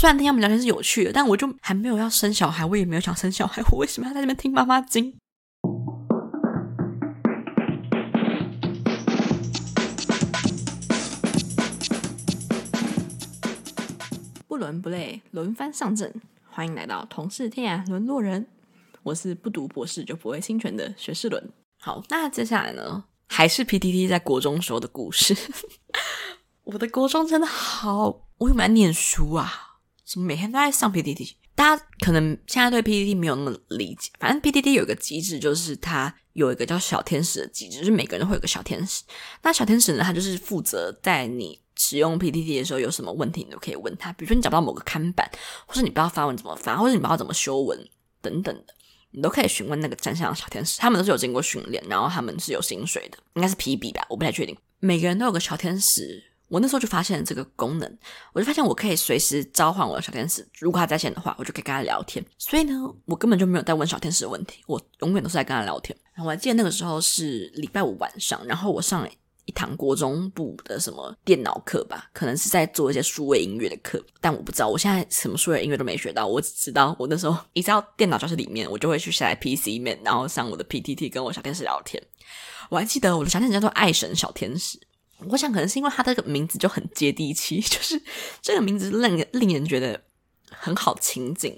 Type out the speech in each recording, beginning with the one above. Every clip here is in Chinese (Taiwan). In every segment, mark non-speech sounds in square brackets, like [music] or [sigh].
雖然聽他們聊天是有趣的，但我就還沒有要生小孩，我也沒有想生小孩，我為什麼要在這邊聽媽媽經？不倫不類，輪番上陣，歡迎來到同是天涯淪落人，我是不讀博士就不會心存的學士倫。好，那接下來呢？還是 PTT 在國中時候的故事。 [laughs] 我的國中真的好，我有蠻念書啊。怎麼每天都在上 PTT？大家可能現在對 PTT 沒有那麼理解。反正 PTT 有一個機制，就是它有一個叫小天使的機制，就是每個人都會有個小天使。那小天使呢，他就是負責在你使用 PTT 的時候有什麼問題，你都可以問他。比如說你找不到某個看板，或者你不知道發文怎麼發，或者你不知道怎麼修文等等的，你都可以詢問那個站上的小天使。他們都是有經過訓練，然後，他們是有薪水的，應該是 P B 吧，我不太確定。每個人都有個小天使。我那時候就發現了這個功能，我就發現我可以隨時召喚我的小天使，如果他在線的話，我就可以跟他聊天。所以呢，我根本就沒有在問小天使的問題，我永遠都是在跟他聊天。然後我還記得那個時候是禮拜五晚上，然後我上了一堂國中部的什麼電腦課吧，可能是在做一些數位音樂的課，但我不知道我現在什麼數位音樂都沒學到，我只知道我那時候一到電腦教室裡面，我就會去下載 PCMan，然後上我的 PTT 跟我小天使聊天。我還記得我的小天使叫做愛神小天使。我想可能是因為他這個名字就很接地氣，就是這個名字是令令人覺得很好親近。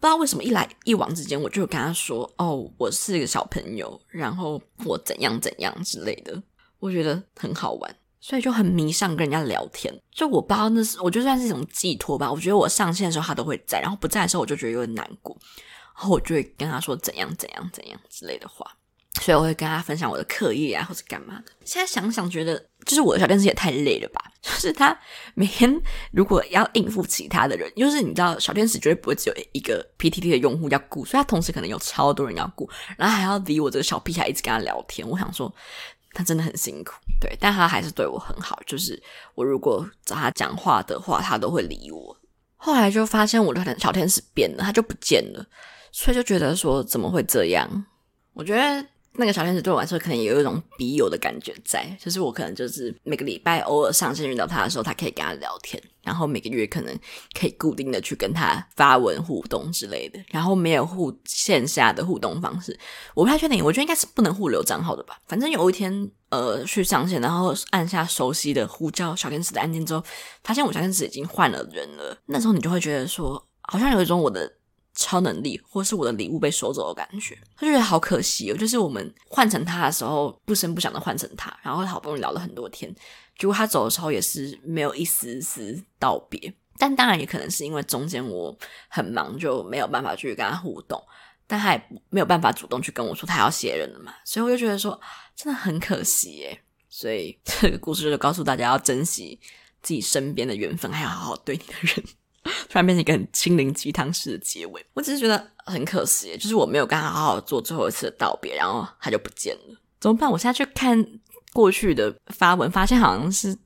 不知道為什麼一來一往之間，我就跟他說：“哦，我是一個小朋友，然後我怎樣怎樣之類的。”我覺得很好玩，所以就很迷上跟人家聊天。就我不知道那是，我覺得算是一種寄托吧。我覺得我上線的時候他都會在，然後不在的時候我就覺得有點難過，然後我就會跟他說怎樣怎樣怎樣之類的話。所以我會跟他分享我的課業啊，或者幹嘛的。現在想想，覺得就是我的小天使也太累了吧？就是他每天如果要應付其他的人，就是你知道，小天使絕對不會只有一個 PTT 的用戶要顧，所以他同時可能有超多人要顧，然後還要理我這個小屁孩一直跟他聊天。我想說，他真的很辛苦。對，但他還是對我很好，就是我如果找他講話的話，他都會理我。後來就發現我的小天使變了，他就不見了。所以就覺得說，怎麼會這樣？我覺得。那個小天使對我來說，可能也有一種筆友的感覺在，就是我可能就是每個禮拜偶爾上線遇到他的時候，他可以跟他聊天，然後每個月可能可以固定的去跟他發文互動之類的，然後沒有互線下的互動方式，我不太確定，我覺得應該是不能互留賬號的吧。反正有一天，呃，去上線，然後按下熟悉的呼叫小天使的按鍵之後，發現我小天使已經換了人了，那時候你就會覺得說，好像有一種我的。超能力，或是我的禮物被收走的感覺，他就覺得好可惜哦。就是我們換成他的時候，不聲不響的換成他，然後好不容易聊了很多天，結果他走的時候也是沒有一絲絲道別。但當然也可能是因為中間我很忙，就沒有辦法去跟他互動，但他也沒有辦法主動去跟我說他要寫人了嘛，所以我就覺得說真的很可惜耶。所以這個故事就告訴大家要珍惜自己身邊的緣分，還要好好對你的人。 [laughs] 突然變成一個很心靈雞湯式的結尾，我只是覺得很可惜，就是我沒有跟他好好做最後一次的道別，然後他就不見了，怎麼辦？我現在去看過去的發文，發現好像是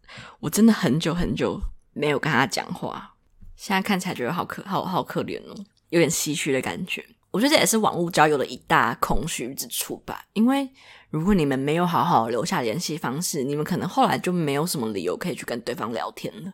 我真的很久很久沒有跟他講話，現在看起來覺得好可好好可憐哦，有點唏噓的感覺。我覺得這也是網絡交友的一大空虛之處吧，因為如果你們沒有好好留下聯繫方式，你們可能後來就沒有什麼理由可以去跟對方聊天了。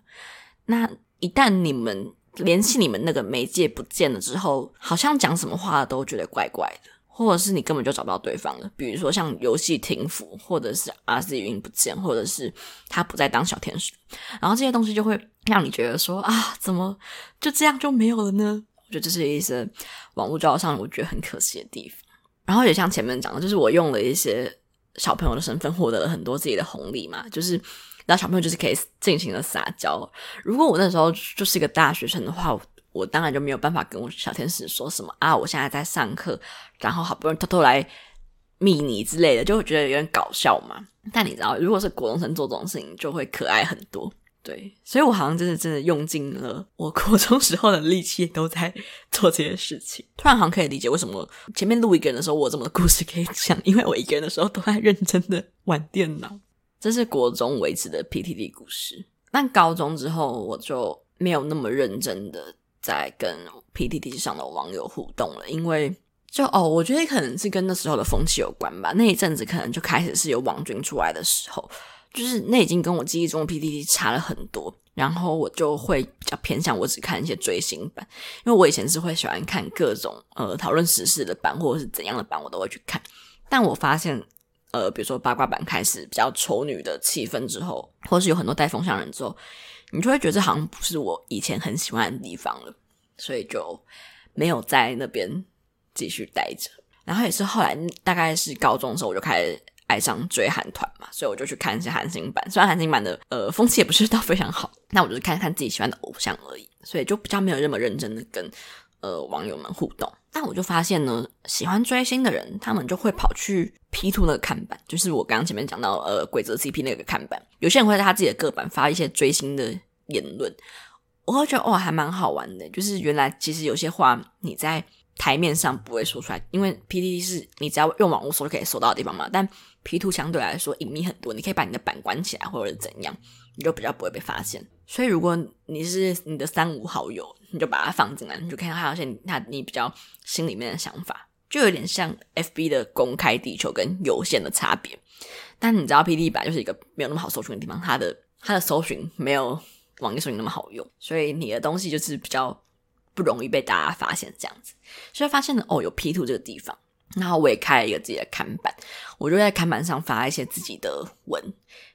那。一旦你們聯繫你們那個媒介，不見了之後，好像講什麼話都覺得怪怪的，或者是你根本就找不到對方了。比如說像遊戲停服，或者是阿 Z 雲不見，或者是他不再當小天使，然後這些東西就會讓你覺得說啊，怎麼就這樣就沒有了呢？我覺得這是一些網絡交友上我覺得很可惜的地方。然後也像前面講的，就是我用了一些小朋友的身份獲得了很多自己的紅利嘛，就是。然後小朋友就是可以盡情的撒嬌。如果我那時候就是一個大學生的話，我，我當然就沒有辦法跟我小天使說什麼啊，我現在在上課，然後好不容易偷偷來密你之類的，就會覺得有點搞笑嘛。但你知道，如果是國中生做這種事情，就會可愛很多。對，所以我好像真的真的用盡了我國中時候的力氣，都在做這些事情。突然好像可以理解為什麼前面錄一個人的時候，我這麼的故事可以講，因為我一個人的時候都在認真的玩電腦。這是國中為止的 PTT 故事，但高中之後我就沒有那麼認真的在跟 PTT 上的網友互動了，因為就哦，我覺得可能是跟那時候的風氣有關吧。那一陣子可能就開始是有網軍出來的時候，就是那已經跟我記憶中的 PTT 差了很多。然後我就會比較偏向我只看一些追星版，因為我以前是會喜歡看各種呃討論時事的版，或者是怎樣的版，我都會去看。但我發現。呃，比如說八卦版開始比較醜女的氣氛之後，或是有很多帶風向人之後，你就會覺得這好像不是我以前很喜歡的地方了，所以就沒有在那邊繼續待着。然後也是後來大概是高中的時候，我就開始愛上追韓團嘛，所以我就去看一些韓星版。雖然韓星版的呃風氣也不是到非常好，那我就是看看自己喜歡的偶像而已，所以就比較沒有那麼認真的跟。呃，網友們互動，但我就發現呢，喜歡追星的人，他們就會跑去 P2 那個看板，就是我剛剛前面講到呃鬼則 C P 那個看板，有些人會在他自己的個板發一些追星的言論，我會覺得哦，還蠻好玩的，就是原來其實有些話你在台面上不會說出來，因為 PTT 是你只要用網絡搜就可以搜到的地方嘛，但 P2 相對來說隱秘很多，你可以把你的板關起來或者怎樣，你就比較不會被發現。所以，如果你是你的三五好友，你就把它放進來，你就看到他有些你他你比較心裡面的想法，就有點像 F B 的公開地球跟有限的差別。但你知道，P D 板，就是一個沒有那麼好搜尋的地方，它的它的搜尋沒有網頁搜尋那麼好用，所以你的東西就是比較不容易被大家發現這樣子。所以發現了哦，有 P 二這個地方，然後我也開了一個自己的看板，我就在看板上發一些自己的文，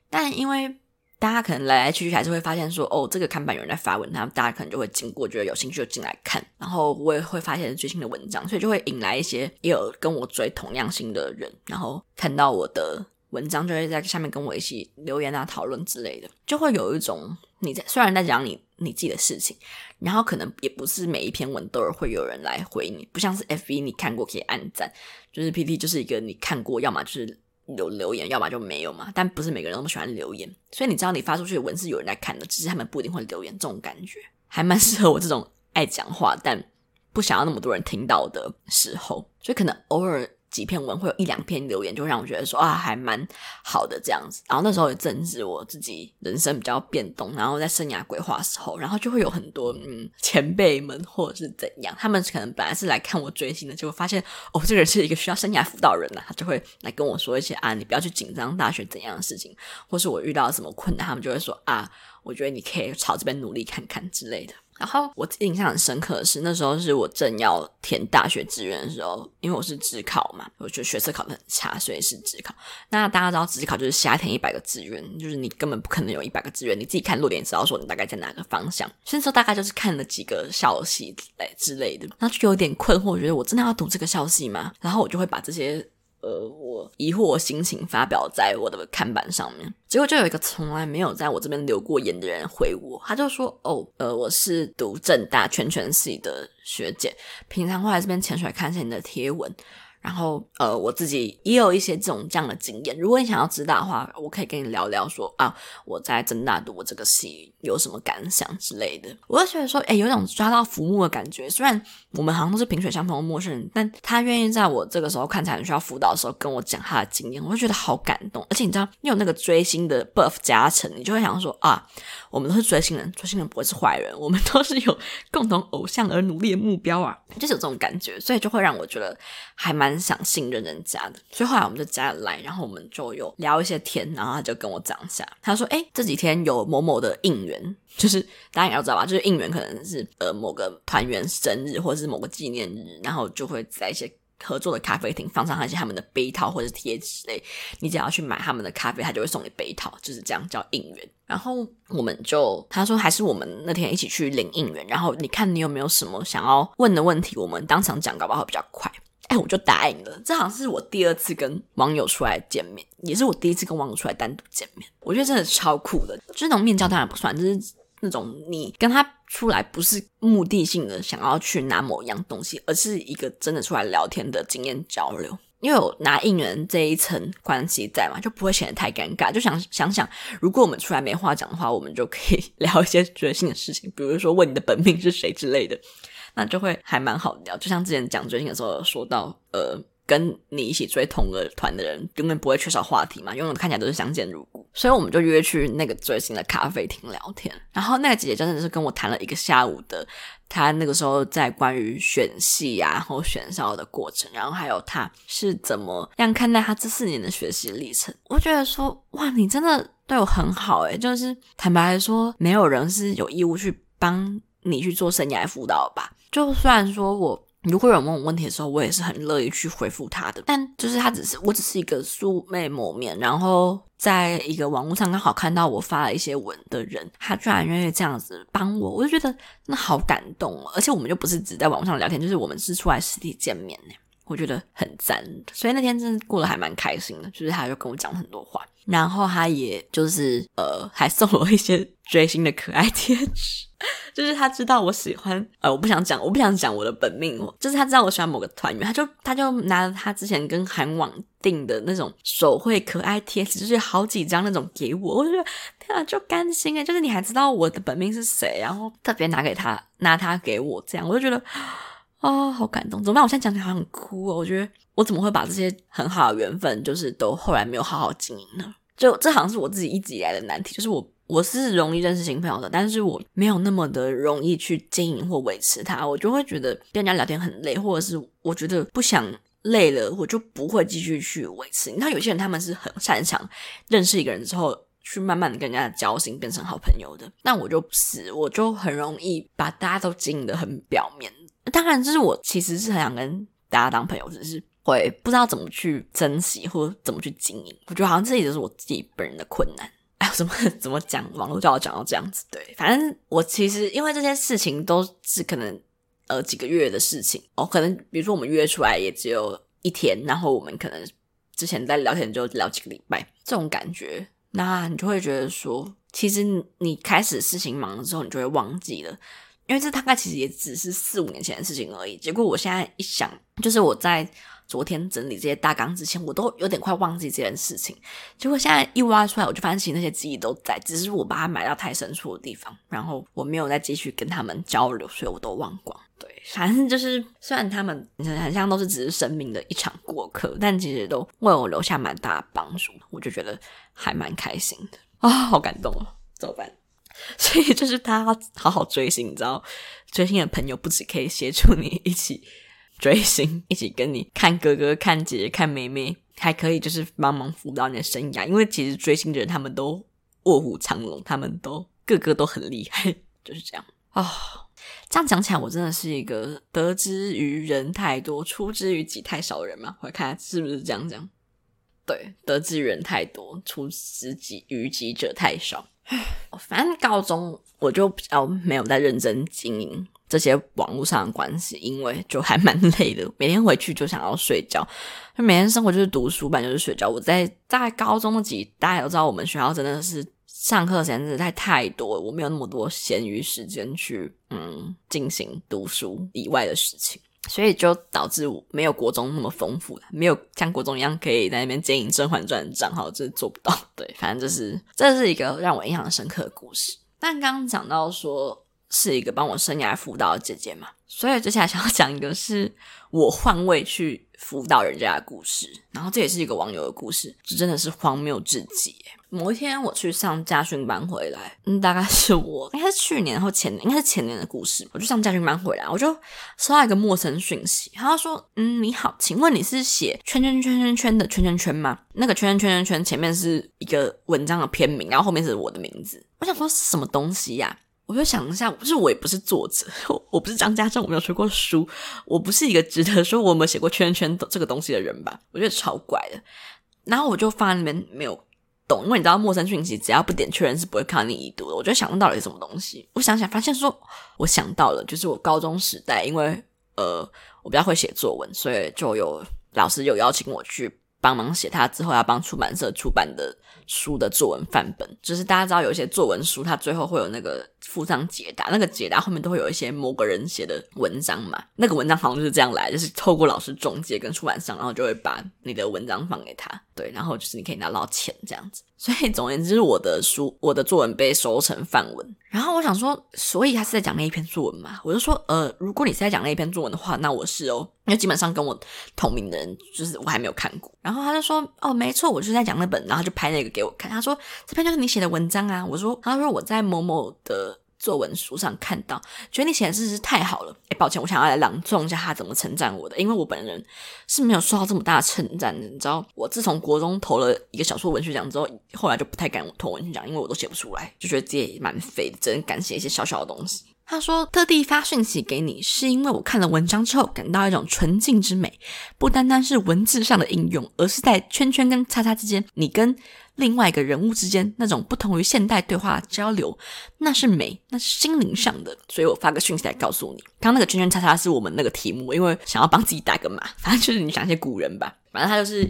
但因為。大家可能來來去去還是會發現說，哦，這個看板有人在發文，他們大家可能就會經過，覺得有興趣就進來看，然後我也會發現最新的文章，所以就會引來一些也有跟我追同樣星的人，然後看到我的文章就會在下面跟我一起留言啊、討論之類的，就會有一種你在雖然在講你你自己的事情，然後可能也不是每一篇文都有會有人來回你，不像是 FB 你看過可以按讚，就是 PT 就是一個你看過，要麼就是。有留言，要不然就沒有嘛。但不是每個人都喜歡留言，所以你知道你發出去的文字有人在看的，只是他們不一定會留言。這種感覺還蠻適合我這種愛講話，但不想要那麼多人聽到的時候，所以可能偶爾。幾篇文會有一兩篇留言，就讓我覺得說啊，還蠻好的這樣子。然後那時候也正值我自己人生比較變動，然後在生涯規劃時候，然後就會有很多嗯前輩們或者是怎樣，他們可能本來是來看我追星的，結果發現哦，這個是一個需要生涯輔導人吶，啊，他就會來跟我說一些啊，你不要去緊張大學怎樣的事情，或是我遇到什麼困難，他們就會說啊。我覺得你可以朝這邊努力看看之類的。然後我印象很深刻的是，那時候是我正要填大學志願的時候，因為我是指考嘛，我覺得學測考的很差，所以是指考。那大家都知道，指考就是瞎填一百個志願，就是你根本不可能有一百個志願，你自己看落點，知道說你大概在哪個方向。那時候大概就是看了幾個科系來之類的，那就有點困惑，我覺得我真的要讀這個科系嗎？然後我就會把這些。呃，我疑惑我心情發表在我的看板上面，結果就有一個從來沒有在我這邊留過言的人回我，他就說，哦，呃，我是讀政大全全系的學姐，平常會來這邊潛水看一下你的貼文，然後呃，我自己也有一些這種這樣的經驗，如果你想要知道的話，我可以跟你聊聊說啊，我在政大讀這個系有什麼感想之類的，我就覺得說，誒，有一種抓到浮木的感覺，雖然。我們好像都是萍水相逢的陌生人，但他願意在我這個時候看起來很需要輔導的時候，跟我講他的經驗，我就覺得好感動。而且你知道，因為有那個追星的 buff 加成，你就會想說啊，我們都是追星人，追星人不會是壞人，我們都是有共同偶像而努力的目標啊，就是有這種感覺，所以就會讓我覺得還蠻想信任人家的。所以後來我們就加了 LINE，然後我們就有聊一些天，然後他就跟我講一下，他說，哎，這幾天有某某的應援。就是大家也要知道吧，就是應援可能是呃某個團員生日或者是某個紀念日，然後就會在一些合作的咖啡廳放上一些他們的杯套或者貼紙類。你只要去買他們的咖啡，他就會送你杯套，就是這樣叫應援。然後我們就他說，還是我們那天一起去領應援，然後你看你有沒有什麼想要問的問題，我們當場講，搞不好比較快。哎，我就答應了。這好像是我第二次跟網友出來見面，也是我第一次跟網友出來單獨見面。我覺得真的超酷的。就是那種面交當然不算，就是那種你跟他出來不是目的性的，想要去拿某一樣東西，而是一個真的出來聊天的經驗交流。因為有拿應援這一層關係在嘛，就不會顯得太尷尬。就想想想，如果我們出來沒話講的話，我們就可以聊一些決心的事情，比如說問你的本命是誰之類的。那就會還蠻好聊，就像之前講追星的時候說到，呃，跟你一起追同個團的人，永遠不會缺少話題嘛，永遠看起來都是相見如故。所以我們就約去那個追星的咖啡廳聊天，然後那個姐姐真的是跟我談了一個下午的，她那個時候在關於選戲呀、啊，然後選校的過程，然後還有她是怎麼樣看待她這四年的學習歷程。我覺得說，哇，你真的對我很好哎、欸，就是坦白來說，沒有人是有義務去幫你去做生涯輔導吧。就雖然說我如果有問我問題的時候，我也是很樂意去回復他的，但就是他只是我只是一個素未謀面，然後在一個網絡上剛好看到我發了一些文的人，他居然願意這樣子幫我，我就覺得那好感動、啊。而且我們就不是只是在網絡上聊天，就是我們是出來實體見面呢、欸，我覺得很讚。所以那天真的過得還蠻開心的，就是他就跟我講很多話，然後他也就是呃還送我一些追星的可愛貼紙。 [laughs] 就是他知道我喜歡，呃，我不想講，我不想講我的本命。就是他知道我喜歡某個團員，他就他就拿了他之前跟韓網訂的那種手繪可愛貼紙，就是好幾張那種給我。我就覺得天啊，就甘心誒，就是你還知道我的本命是誰，然後特別拿給他，拿他給我，這樣我就覺得哦，好感動。怎麼辦？我現在講起來好想哭哦。我覺得我怎麼會把這些很好的緣分，就是都後來沒有好好經營呢？就這好像是我自己一直以來的難題，就是我。我是容易認識新朋友的，但是我沒有那麼的容易去經營或維持他，我就會覺得跟人家聊天很累，或者是我覺得不想累了，我就不會繼續去維持。你看有些人他們是很擅長認識一個人之後，去慢慢的跟人家交心，變成好朋友的，但我就不是，我就很容易把大家都經營的很表面。當然，就是我其實是很想跟大家當朋友，只是會不知道怎麼去珍惜或怎麼去經營。我覺得好像這也是我自己本人的困難。哎，我怎麼怎麼講？網絡叫我講到這樣子，對，反正我其實因為這些事情都是可能，呃，幾個月的事情哦，可能比如說我們約出來也只有一天，然後我們可能之前在聊天就聊幾個禮拜，這種感覺，那你就會覺得說，其實你開始事情忙了之後，你就會忘記了。因為這大概其實也只是四五年前的事情而已。結果我現在一想，就是我在昨天整理這些大綱之前，我都有點快忘記這件事情。結果現在一挖出來，我就發現其實那些記憶都在，只是我把它埋到太深處的地方，然後我沒有再繼續跟他們交流，所以我都忘光。對，反正就是雖然他們很像都是只是生命的一場過客，但其實都為我留下蠻大的幫助，我就覺得還蠻開心的啊，哦，好感動哦，怎麼辦？所以就是，他好好追星，你知道，追星的朋友不只可以協助你一起追星，一起跟你看哥哥、看姐姐、看妹妹，還可以就是幫忙輔導你的生涯。因為其實追星的人他們都臥虎藏龍，他們都個個都很厲害，就是這樣哦，這樣講起來，我真的是一個得之於人太多，出之於己太少的人嘛？我來看是不是這樣講？對，得之於人太多，出之己於己者太少。唉，反正高中我就比較沒有在認真經營這些網絡上的關係，因為就還蠻累的，每天回去就想要睡覺，就每天生活就是讀書，反正就是睡覺。我在在高中的幾，大家都知道我們學校真的是上課的時間真的太太多了，我沒有那麼多閒餘時間去嗯進行讀書以外的事情。所以就導致我沒有國中那麼豐富，沒有像國中一樣可以在那邊經營《甄嬛傳》賬號，就是做不到。對，反正就是這是一個讓我印象深刻的故事，但剛剛講到說是一個幫我生涯輔導的姐姐嘛，所以接下來想要講一個是我換位去輔導人家的故事，然後這也是一個網友的故事，這真的是荒謬至極。某一天我去上家訓班回來，嗯，大概是我，應該是去年或前年，應該是前年的故事，我就上家訓班回來，我就收到一個陌生訊息，他說：“嗯，你好，請問你是寫圈圈圈圈圈的圈圈圈嗎？那個圈圈圈圈圈前面是一個文章的篇名，然後後面是我的名字。”我想說是什麼東西呀，啊？我就想一下，不是我也不是作者，我，我不是張家正，我沒有出過書，我不是一個值得說我有沒有寫過圈，圈圈這個東西的人吧？我覺得超怪的。然後我就發現那邊沒有懂，因為你知道陌生訊息只要不點確認是不會看到你已讀的。我就想那到底什麼東西？我想想，發現說我想到了，就是我高中時代，因為呃我比較會寫作文，所以就有老師有邀請我去幫忙寫他之後要幫出版社出版的書的作文範本，就是大家知道有一些作文書，他最後會有那個。附上解答，那個解答後面都會有一些某個人寫的文章嘛，那個文章好像就是這樣來，就是透過老師中介跟出版商，然後就會把你的文章放給他，對，然後就是你可以拿到錢這樣子。所以總而言之，我的書我的作文被收成範文。然後我想說，所以他是在講那一篇作文嗎？我就說，呃，如果你是在講那一篇作文的話，那我是哦，因為基本上跟我同名的人，就是我還沒有看過。然後他就說，哦，沒錯，我就是在講那本，然後就拍那個給我看。他說這篇就是你寫的文章啊。我說，他說我在某某的。作文書上看到，覺得你寫的真是太好了。哎、欸，抱歉，我想要來朗誦一下他怎麼稱讚我的，因為我本人是沒有受到這麼大的稱讚的。你知道，我自從國中投了一個小說文學獎之後，後來就不太敢投文學獎，因為我都寫不出來，就覺得自己蠻廢的，只能敢寫一些小小的東西。他說，特地發訊息給你，是因為我看了文章之後，感到一種純淨之美，不單單是文字上的應用，而是在圈圈跟叉叉之間，你跟，另外一個人物之間那種不同於現代對話交流，那是美，那是心靈上的。所以我發個訊息來告訴你，剛剛那個圈圈叉叉是我們那個題目，因為想要幫自己打個碼。反正就是你想寫古人吧，反正他就是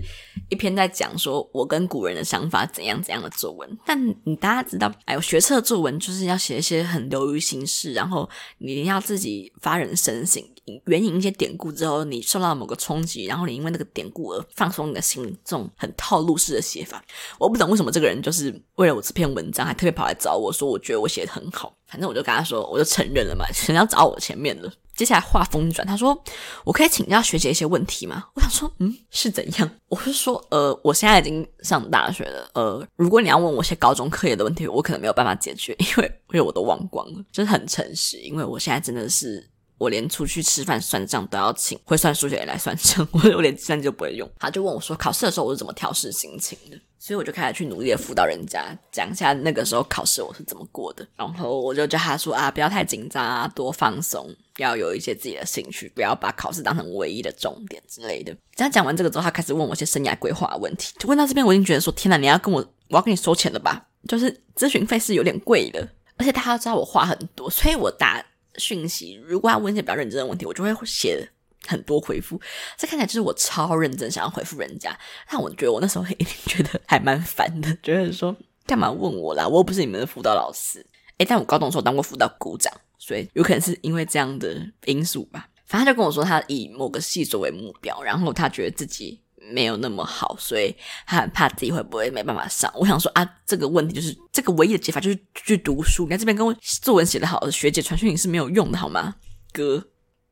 一篇在講說我跟古人的想法怎樣怎樣的作文。但你大家知道，哎，我學測作文就是要寫一些很流於形式，然後你一定要自己發人深省。原因一些典故之後，你受到某個衝擊，然後你因為那個典故而放鬆你的心，這種很套路式的寫法，我不懂為什麼這個人就是為了我這篇文章還特別跑來找我說，我覺得我寫得很好。反正我就跟他說，我就承認了嘛，承認要找我前面了。接下來話鋒一轉，他說我可以請教學姐一些問題嗎？我想說，嗯，是怎樣？我是說，呃，我現在已經上大學了，呃，如果你要問我些高中課業的問題，我可能沒有辦法解決，因為因為我都忘光了，真的很誠實，因為我現在真的是。我連出去吃飯算賬都要請會算數學來算賬，我我連計算機都不會用。他就問我說，考試的時候我是怎麼調試心情的？所以我就開始去努力的輔導人家，講一下那個時候考試我是怎麼過的。然後我就叫他說啊，不要太緊張啊，多放鬆，要有一些自己的興趣，不要把考試當成唯一的重點之類的。這樣講完這個之後，他開始問我一些生涯規劃的問題。就問到這邊，我已經覺得說，天吶，你要跟我，我要跟你收錢了吧？就是諮詢費是有點貴的，而且他知道我話很多，所以我答，訊息，如果他問一些比較認真的問題，我就會寫很多回復，這看起來就是我超認真想要回復人家。但我覺得我那時候一定覺得還蠻煩的，覺得說幹嘛問我啦，我又不是你們的輔導老師。哎、欸，但我高中的時候當過輔導股長，所以有可能是因為這樣的因素吧。反正他就跟我說，他以某個系作為目標，然後他覺得自己沒有那麼好，所以他很怕自己會不會沒辦法上。我想說啊，這個問題就是這個唯一的解法就是就去讀書。你看這邊跟我作文寫得好的學姐傳訊也是沒有用的好嗎？哥，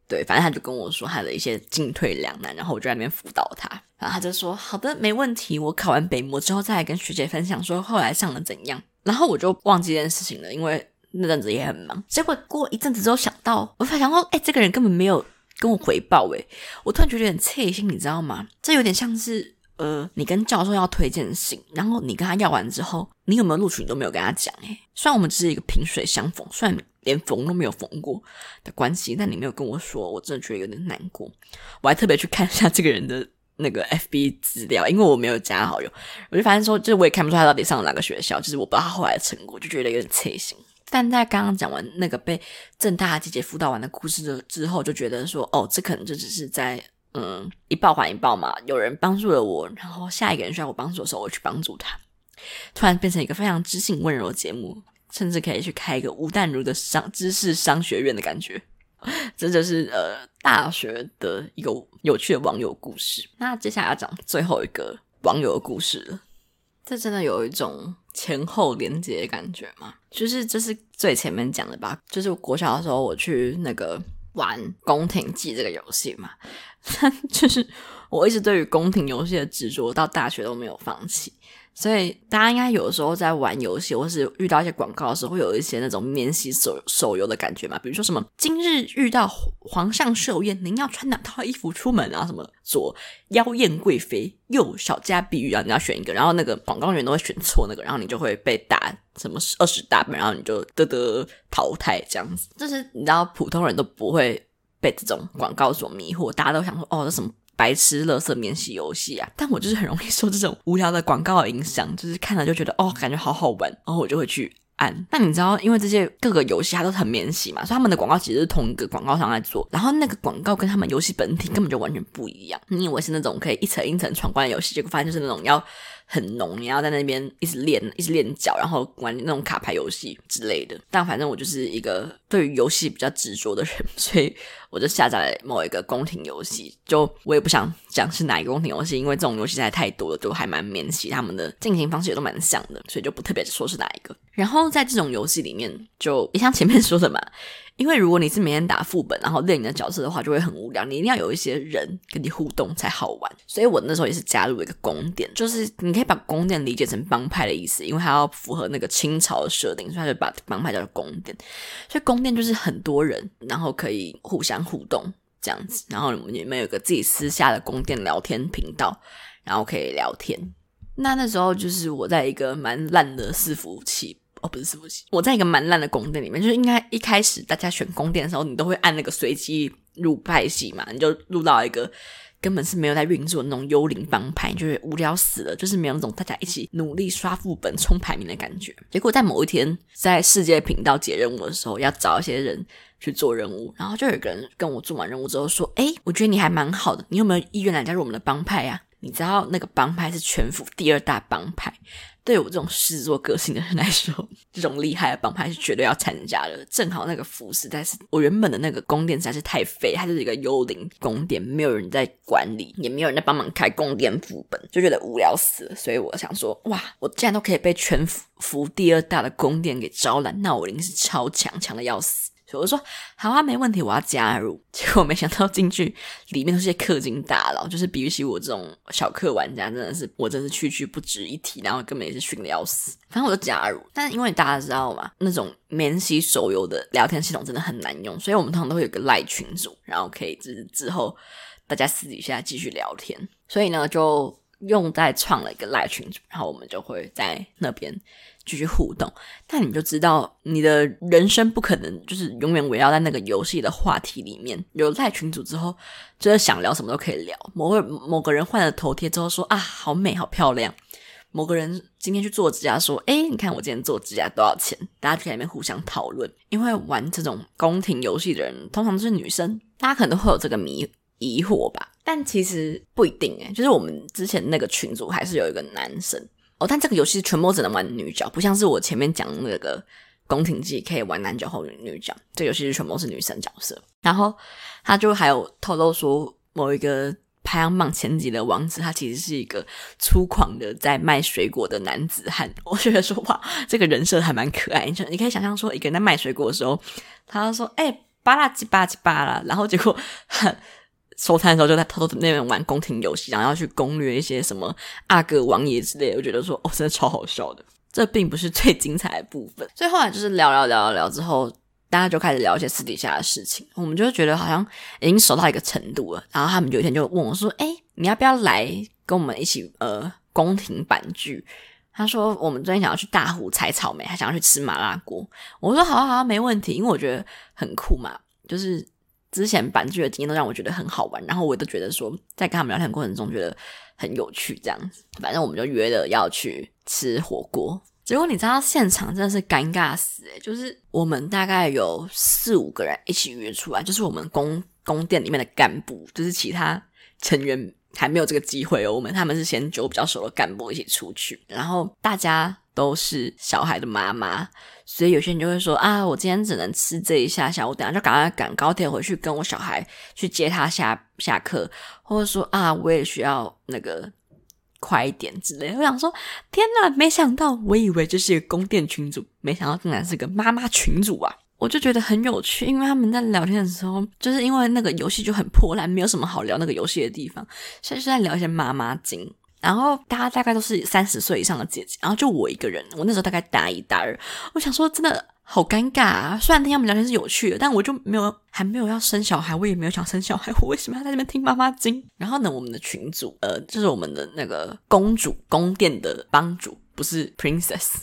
對，反正他就跟我說他的一些進退兩難，然後我就在那邊輔導他，然後他就說好的，沒問題，我考完北模之後再來跟學姐分享說後來上了怎樣。然後我就忘記這件事情了，因為那陣子也很忙。結果過一陣子之後想到，我發現哦，哎，這個人根本沒有。跟我回報欸，我突然覺得有點脆心，你知道嗎？這有點像是呃，你跟教授要推薦信，然後你跟他要完之後，你有沒有錄取你都沒有跟他講欸。雖然我們只是一個萍水相逢，雖然連逢都沒有逢過的關係，但你沒有跟我說，我真的覺得有點難過。我還特別去看一下這個人的那個 FB 資料，因為我沒有加好友，我就發現說，就是、我也看不出他到底上了哪個學校，就是我不知道他後來的成果，就覺得有點脆心。但在剛剛講完那個被政大姐姐輔導完的故事之之後，就覺得說，哦，這可能就只是在嗯一報還一報嘛，有人幫助了我，然後下一個人需要我幫助的時候，我去幫助他，突然變成一個非常知性溫柔的節目，甚至可以去開一個吳淡如的商知識商學院的感覺。這就是呃大學的一個有，有趣的網友故事。那接下來要講最後一個網友的故事了。這真的有一種前後連接的感覺嘛？就是，就是最前面講的吧，就是我國小的時候我去那個玩《宮廷記》這個遊戲嘛，但 [laughs] 就是我一直對於宮廷遊戲的執着到大學都沒有放棄。所以大家應該有的時候在玩遊戲，或是遇到一些廣告的時候，會有一些那種免洗手手遊的感覺嘛。比如說什麼今日遇到皇上壽宴，您要穿哪套衣服出門啊？什麼左妖豔貴妃，右小家碧玉啊，你要選一個。然後那個廣告員都會選錯那個，然後你就會被打什麼二十大板，然後你就得得淘汰這樣子。就是你知道，普通人都不會被這種廣告所迷惑，大家都想說哦，這什麼？白痴、垃圾、免洗遊戲啊！但我就是很容易受這種無聊的廣告影響，就是看了就覺得哦，感覺好好玩，然後我就會去按。那你知道，因為這些各個遊戲它都是很免洗嘛，所以他們的廣告其實是同一個廣告商在做，然後那個廣告跟他們遊戲本體根本就完全不一樣。你以為是那種可以一層一層闖關的遊戲，結果發現就是那種要。很濃，你要在那邊一直練，一直練腳，然後玩那種卡牌遊戲之類的。但反正我就是一個對於遊戲比較執着的人，所以我就下載了某一個宮廷遊戲。就我也不想講是哪一個宮廷遊戲，因為這種遊戲現在太多了，都還蠻類似，他們的進行方式也都蠻像的，所以就不特別說是哪一個。然後在這種遊戲裡面就，就你像前面說的嘛。因為如果你是每天打副本，然後練你的角色的話，就會很無聊。你一定要有一些人跟你互動才好玩。所以我那時候也是加入了一個宮殿，就是你可以把宮殿理解成幫派的意思，因為它要符合那個清朝的設定，所以它就把幫派叫做宮殿。所以宮殿就是很多人，然後可以互相互動，這樣子，然後裡面有個自己私下的宮殿聊天頻道，然後可以聊天。那那時候就是我在一個蠻爛的伺服器。哦、不是，是，不是我在一個蠻爛的宮殿裡面，就是應該一開始大家選宮殿的時候，你都會按那個隨機入派系嘛，你就入到一個根本是沒有在運作的那種幽靈幫派，你就是無聊死了，就是沒有那種大家一起努力刷副本衝排名的感覺。結果在某一天，在世界頻道接任務的時候，要找一些人去做任務，然後就有一個人跟我做完任務之後說：“哎，我覺得你還蠻好的，你有沒有意願來加入我們的幫派呀、啊？”你知道那個幫派是全服第二大幫派。對我這種獅子座個性的人來說，這種厲害的幫派是絕對要參加的。正好那個服實在是，我原本的那個宮殿實在是太廢，它就是一個幽靈宮殿，沒有人在管理，也沒有人在幫忙開宮殿副本，就覺得無聊死了。所以我想說，哇，我竟然都可以被全服，服第二大的宮殿給招攬，那我靈一定是超強強的要死。所以我說好啊，沒問題，我要加入。結果沒想到進去裡面都是些氪金大佬，就是比起我這種小氪玩家，真的是我真的是區區不值一提。然後根本也是遜的要死。反正我就加入，但是因為大家知道嘛，那種免洗手遊的聊天系統真的很難用，所以我們通常都會有個賴群組，然後可以就是之後大家私底下繼續聊天。所以呢，就又再創了一個賴群組，然後我們就會在那邊。繼續互動，但你就知道你的人生不可能就是永遠圍繞在那個遊戲的話題裡面。有在群組之後，就是想聊什麼都可以聊。某個某個人換了頭貼之後說啊，好美，好漂亮。某個人今天去做指甲說，欸，你看我今天做指甲多少錢？大家在裡面互相討論。因為玩這種宮廷遊戲的人通常都是女生，大家可能都會有這個迷疑惑吧。但其實不一定欸，就是我們之前那個群組還是有一個男生。哦，但這個遊戲全部只能玩女角，不像是我前面講的那個《宮廷記》，可以玩男角或女女角。這個、遊戲是全部是女生角色。然後他就還有透露說，某一個排行榜前幾的王子，他其實是一個粗獷的在賣水果的男子漢。我覺得說，哇，這個人設還蠻可愛。你可以想象說，一個人在賣水果的時候，他就說：“哎、欸，巴拉吉巴吉巴啦，然後結果很。收攤的時候就在偷偷那邊玩宮廷遊戲，然後要去攻略一些什麼阿哥王爺之類的。我覺得說哦，真的超好笑的。這並不是最精彩的部分，所以後來就是聊了聊聊聊聊之後，大家就開始聊一些私底下的事情。我們就覺得好像已經熟到一個程度了。然後他們有一天就問我說：“哎、欸，你要不要來跟我們一起呃宮廷版聚？”他說：“我們最近想要去大湖採草莓，還想要去吃麻辣鍋。”我說：“好啊，好啊，沒問題，因為我覺得很酷嘛。”就是。之前板聚的經驗都讓我覺得很好玩，然後我都覺得說，在跟他們聊天過程中覺得很有趣，這樣子。反正我們就約了要去吃火鍋，結果你知道現場真的是尷尬死誒、欸。就是我們大概有四五個人一起約出來，就是我們宮宮殿裡面的幹部，就是其他成員還沒有這個機會哦。我們他們是先酒比較熟的幹部一起出去，然後大家都是小孩的媽媽。所以有些人就會說啊，我今天只能吃這一下下，我等下就趕快趕高鐵回去，跟我小孩去接他下下課，或者說啊，我也需要那個快一點之類。我想說，天吶，沒想到，我以為這是一個宮殿群組，沒想到竟然是個媽媽群組啊！我就覺得很有趣，因為他們在聊天的時候，就是因為那個遊戲就很破爛，沒有什麼好聊那個遊戲的地方，所以是在聊一些媽媽經。然後大家大概都是三十歲以上的姐姐，然後就我一個人，我那時候大概大一、大二，我想說真的好尷尬啊！雖然聽他們聊天，是有趣的，但我就沒有還沒有要生小孩，我也沒有想生小孩，我為什麼要在這邊聽媽媽經？然後呢，我們的群主，呃，就是我們的那個公主宮殿的幫主，不是 princess，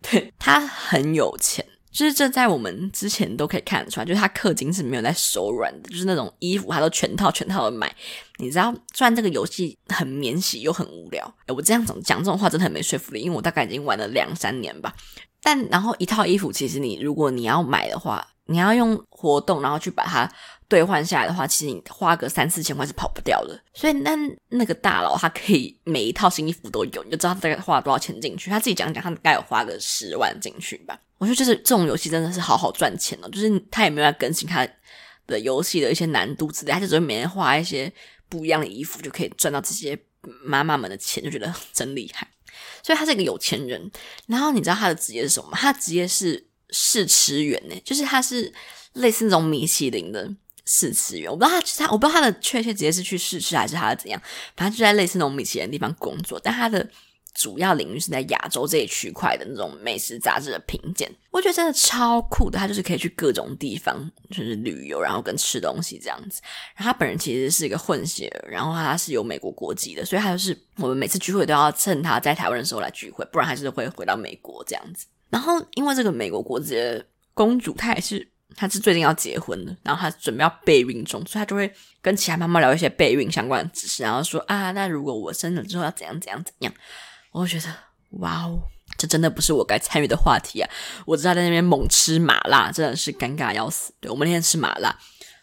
對，她很有錢。就是這在我們之前都可以看得出來，就是他氪金是沒有在手軟的，就是那種衣服他都全套全套的買。你知道，雖然這個遊戲很免洗又很無聊，誒、欸、我這樣總講這種話真的很沒說服力，因為我大概已經玩了兩三年吧。但然後一套衣服，其實你如果你要買的話，你要用活動然後去把它兌換下來的話，其實你花個三四千塊是跑不掉的。所以那那個大佬他可以每一套新衣服都有，你就知道他大概花了多少錢進去。他自己講講，他大概有花個十萬進去吧。我覺得就是這種遊戲真的是好好賺錢哦！就是他也沒有來更新他的遊戲的一些難度之類，他就只會每天畫一些不一樣的衣服就可以賺到這些媽媽們的錢，就覺得真厲害。所以他是一個有錢人。然後你知道他的職業是什麼？他的職業是試吃員呢，就是他是類似那種米其林的試吃員。我不知道他，他我不知道他的確切職業是去試吃還是他的怎樣，反正就在類似那種米其林的地方工作。但他的。主要領域是在亞洲這一區塊的那種美食雜誌的評鑑，我覺得真的超酷的。他就是可以去各種地方，就是旅遊，然後跟吃東西這樣子。然後他本人其實是一個混血兒，然後他是有美國國籍的，所以他就是我們每次聚會都要趁他在台灣的時候來聚會，不然還是會回到美國這樣子。然後因為這個美國國籍的公主，她也是她是最近要結婚的，然後她準備要備孕中，所以她就會跟其他媽媽聊一些備孕相關的知識，然後說啊，那如果我生了之後要怎樣怎樣怎樣。我覺得哇哦，這真的不是我該參與的話題啊！我知道在那邊猛吃麻辣，真的是尷尬要死。對，我們那天吃麻辣，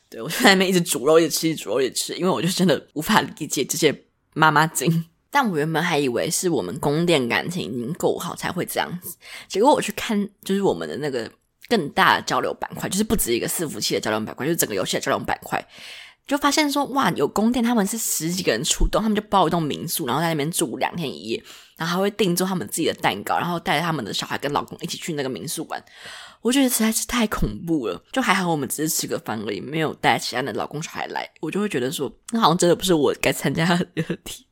對，我就在那邊一直煮肉，一直吃，一直煮肉，一直吃，因為我就真的無法理解這些媽媽精。但我原本還以為是我們宮殿感情已經夠好才會這樣子，結果我去看，就是我們的那個更大的交流板塊，就是不止一個伺服器的交流板塊，就是整個遊戲的交流板塊，就發現說哇，有宮殿他們是十幾個人出動，他們就包一棟民宿，然後在那邊住兩天一夜。然後還會訂做他們自己的蛋糕，然後帶他們的小孩跟老公一起去那個民宿玩，我覺得實在是太恐怖了。就還好我們只是吃個飯而已，沒有帶其他的老公小孩來，我就會覺得說，那好像真的不是我該參加的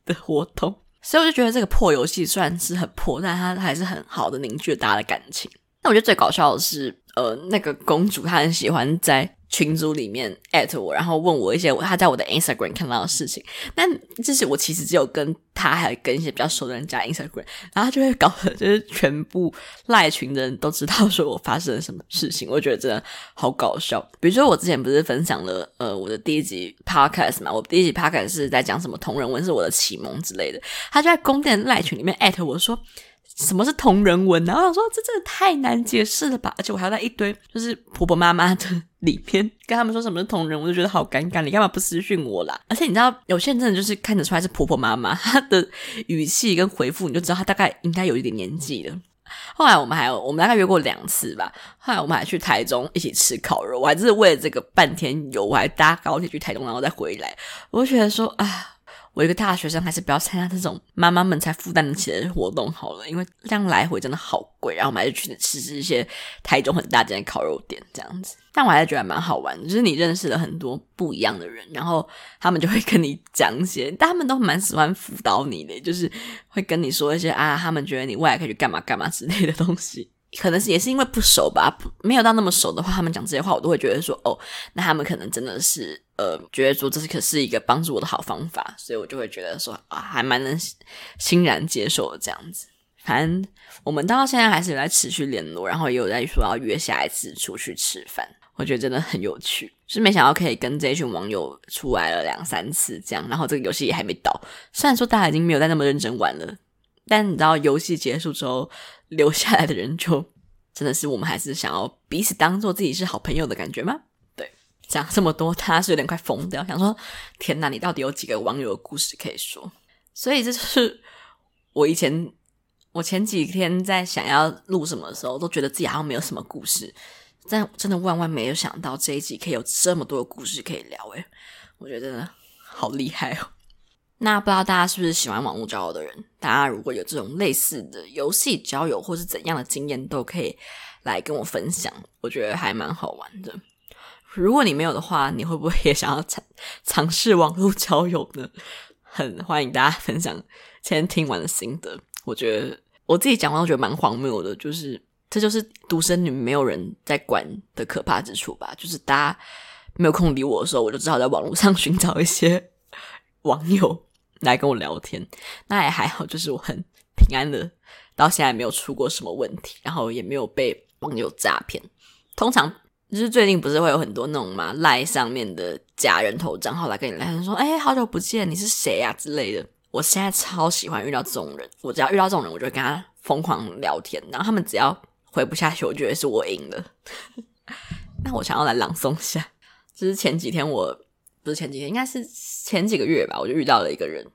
的活動。所以我就覺得這個破遊戲雖然是很破，但他還是很好的凝聚大家的感情。那我覺得最搞笑的是，呃，那個公主她很喜歡在。群組裡面 at 我，然後問我一些我他在我的 Instagram 看到的事情。但就是我其實只有跟他，還跟一些比較熟的人加 Instagram，然後他就會搞，就是全部賴群的人都知道說我發生了什麼事情。我覺得真的好搞笑。比如說我之前不是分享了呃我的第一集 Podcast 嘛，我第一集 Podcast 是在講什麼同人文是我的啟蒙之類的。他就在宮殿賴群裡面 at 我說什麼是同人文？然後我想說這真的太難解釋了吧？而且我還要在一堆就是婆婆媽媽的。裡邊跟他們說什麼是同人，我就覺得好尷尬，你幹嘛不私訊我啦？而且你知道，有些真的就是看得出來是婆婆媽媽，她的語氣跟回復你就知道她大概應該有一點年紀了。後來我們還有，我們大概約過兩次吧。後來我們還去台中一起吃烤肉，我還是為了這個半天遊，我還搭高鐵去台中，然後再回來。我覺得說啊。我一個大學生，還是不要參加這種媽媽們才負擔得起的活動好了，因為這樣來回真的好貴。然後我們還是去吃一些台中很大間的烤肉店這樣子，但我還是覺得蠻好玩，就是你認識了很多不一樣的人，然後他們就會跟你講一些，但他們都蠻喜歡輔導你的，就是會跟你說一些啊，他們覺得你未來可以去幹嘛幹嘛之類的東西。可能是也是因為不熟吧，沒有到那麼熟的話，他們講這些話，我都會覺得說，哦，那他們可能真的是呃，覺得說這是可是一個幫助我的好方法，所以我就會覺得說啊，還蠻能欣然接受的這樣子。反正我們到現在還是有在持續聯絡，然後也有在說要約下一次出去吃飯，我覺得真的很有趣，是沒想到可以跟這一群網友出來了兩三次這樣，然後這個遊戲也還沒倒，雖然說大家已經沒有再那麼認真玩了。但你知道遊戲結束之後留下來的人，就真的是我們還是想要彼此當做自己是好朋友的感覺嗎？對，講這麼多，他是有點快瘋掉，想說天哪，你到底有幾個網友的故事可以說？所以這就是我以前我前幾天在想要錄什麼的時候，都覺得自己好像沒有什麼故事，但真的萬萬沒有想到這一集可以有這麼多的故事可以聊誒，我覺得真的好厲害哦。那不知道大家是不是喜歡網絡交友的人？大家如果有這種類似的遊戲交友或是怎樣的經驗，都可以來跟我分享，我覺得還蠻好玩的。如果你沒有的話，你會不會也想要嘗嘗試網絡交友呢？很歡迎大家分享今天聽完的心得。我覺得我自己講話都覺得蠻荒謬的，就是這就是獨生女沒有人在管的可怕之處吧？就是大家沒有空理我的時候，我就只好在網絡上尋找一些網友，來跟我聊天，那也還好，就是我很平安的，到現在沒有出過什麼問題，然後也沒有被網友詐騙。通常就是最近不是會有很多那種嘛，賴上面的假人頭賬號來跟你來說哎、欸、好久不見，你是誰呀、啊、之類的。我現在超喜歡遇到這種人，我只要遇到這種人，我就會跟他瘋狂聊天，然後他們只要回不下去，我覺得是我贏的。 [laughs] 那我想要來朗誦一下，就是前幾天我。不是前幾天應該是前幾個月吧，我就遇到了一個人。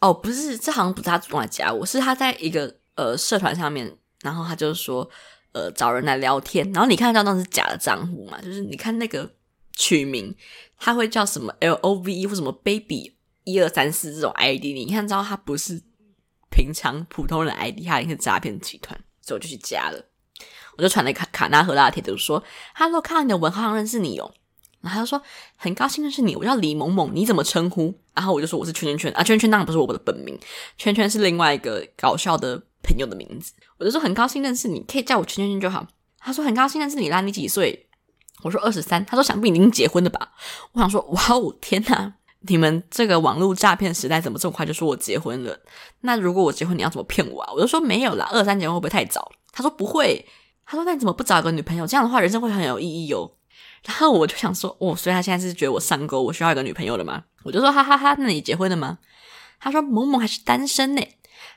哦，不是，這好像不是他主動來加我，是他在一個呃社團上面，然後他就說呃找人來聊天。然後你看到那是假的賬戶嘛，就是你看那個取名他會叫什麼 L O V E 或什麼 Baby 一二三四這種 ID，你看知道他不是平常普通的 ID，他應該是詐騙集團。所以我就去加了，我就傳了卡卡納和拉鐵，就說 Hello，看到你的文，好像認識你哦。然後他就說：“很高興認識你，我叫李某某，你怎麼稱呼？”然後我就說：“我是圈圈圈啊，圈圈當然不是我的本名，圈圈是另外一個搞笑的朋友的名字。”我就說：“很高興認識你，可以叫我圈圈圈就好。”他說：“很高興認識你啦，你幾歲？”我說：“二十三。”他說：“想必已經結婚了吧？”我想說：“哇哦，天哪！你們這個網絡詐騙時代怎麼這麼快就說我結婚了？那如果我結婚，你要怎麼騙我啊？”我就說：“沒有啦，二三結婚會不會太早？”他說：“不會。”他說：“那你怎麼不找一個女朋友？這樣的話，人生會很有意義喲、哦。”然後我就想說，哦，所以他現在是覺得我上鈎，我需要一個女朋友了嗎？我就說哈哈哈，那你結婚了嗎？他說萌萌還是單身呢。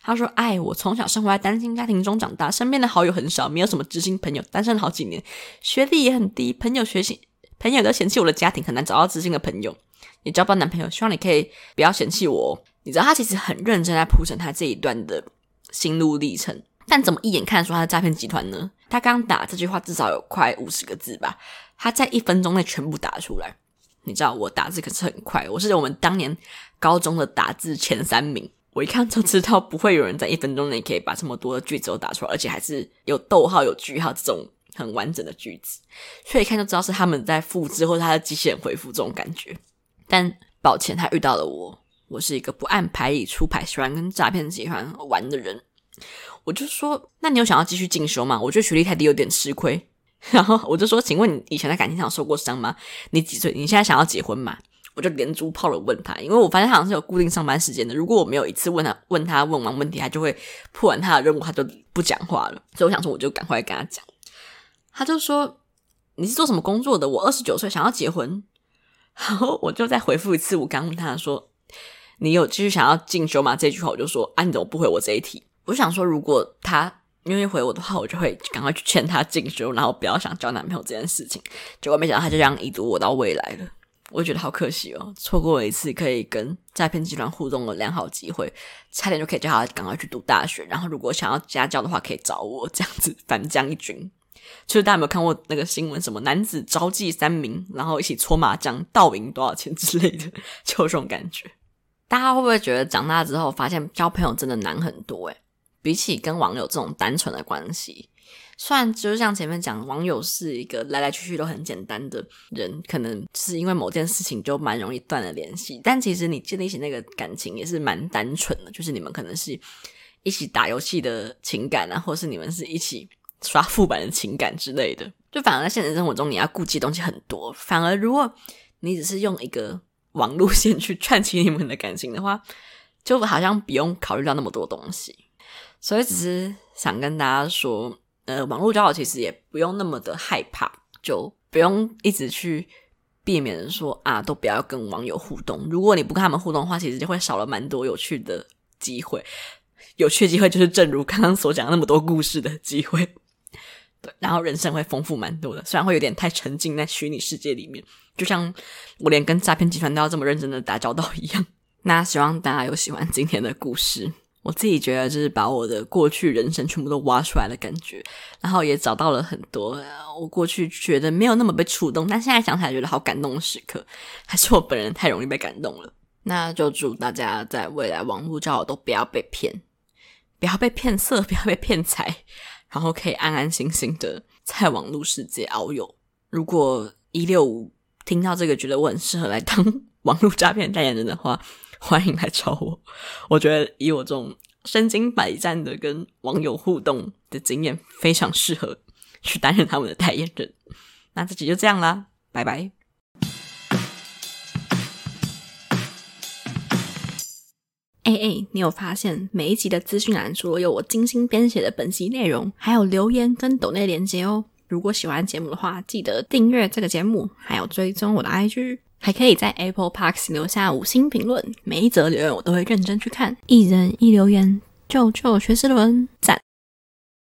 他說，哎，我從小生活在單親家庭中長大，身邊的好友很少，沒有什麼知心朋友，單身好幾年，學歷也很低，朋友學習朋友都嫌棄我的家庭很難找到知心的朋友，也交不到男朋友，希望你可以不要嫌棄我哦。你知道他其實很認真在鋪陳他這一段的心路歷程，但怎麼一眼看出他的詐騙集團呢？他剛打這句話至少有快五十個字吧。他在一分鐘內全部打出來，你知道我打字可是很快，我是我們當年高中的打字前三名。我一看就知道不會有人在一分鐘內可以把這麼多的句子都打出來，而且還是有逗號、有句號這種很完整的句子，所以一看就知道是他們在複製，或是他的機器人回復這種感覺。但抱歉，他遇到了我，我是一個不按牌理出牌、喜歡跟詐騙集團玩的人。我就說，那你有想要繼續進修嗎？我覺得學歷太低有點吃虧。然後我就說，請問你以前在感情上受過傷嗎？你幾歲？你現在想要結婚嗎？我就連珠炮的問他，因為我發現他好像是有固定上班時間的。如果我沒有一次問他，問他問完問題，他就會鋪完他的任務，他就不講話了。所以我想說，我就趕快跟他講。他就說，你是做什麼工作的？我二十九歲，想要結婚。然後我就再回覆一次，我剛問他說，你有繼續想要進修嗎？這句話我就說，啊，你怎麼不回我這一題？我就想說，如果他。因為回我的話，我就會趕快去勸他進修，然後不要想交男朋友這件事情。結果沒想到他就這樣已讀我到未來了，我就覺得好可惜哦，錯過一次可以跟詐騙集團互動的良好機會，差點就可以叫他趕快去讀大學。然後如果想要家教的話，可以找我這樣子反將一軍。就是大家有沒有看過那個新聞，什麼男子招妓三名，然後一起搓麻將倒贏多少錢之類的，就有、是、這種感覺。大家會不會覺得長大之後發現交朋友真的難很多、欸？誒比起跟網友這種單純的關係，雖然就像前面講，網友是一個來來去去都很簡單的人，可能是因為某件事情就蠻容易斷了聯繫。但其實你建立起那個感情也是蠻單純的，就是你們可能是一起打遊戲的情感啊，或是你們是一起刷副本的情感之類的。就反而在現實生活中，你要顧忌的東西很多。反而如果你只是用一個網路線去串起你們的感情的話，就好像不用考慮到那麼多東西。所以只是想跟大家說，呃，網絡交友其實也不用那麼的害怕，就不用一直去避免說啊，都不要跟網友互動。如果你不跟他們互動的話，其實就會少了蠻多有趣的機會。有趣機會就是，正如剛剛所講那麼多故事的機會。對，然後人生會豐富蠻多的，雖然會有點太沉浸在虛擬世界裡面，就像我連跟詐騙集團都要這麼認真的打交道一樣。那希望大家有喜歡今天的故事。我自己覺得，就是把我的過去人生全部都挖出來的感覺，然後也找到了很多我過去覺得沒有那麼被觸動，但現在想起來覺得好感動的時刻，還是我本人太容易被感動了。那就祝大家在未來網絡交友都不要被騙，不要被騙色，不要被騙財，然後可以安安心心的在網絡世界遨遊。如果一六五聽到這個覺得我很適合來當網絡詐騙代言人的話。歡迎來找我，我覺得以我這種身經百戰的跟網友互動的經驗，非常適合去擔任他們的代言人。那這集就這樣啦，拜拜。哎哎，你有發現每一集的資訊欄除了有我精心編寫的本集內容，還有留言跟抖內連結哦。如果喜歡節目的話，記得訂閱這個節目，還有追蹤我的 IG。還可以在 Apple Park 留下五星評論，每一則留言我都會認真去看。一人一留言，救救薛之倫，讚！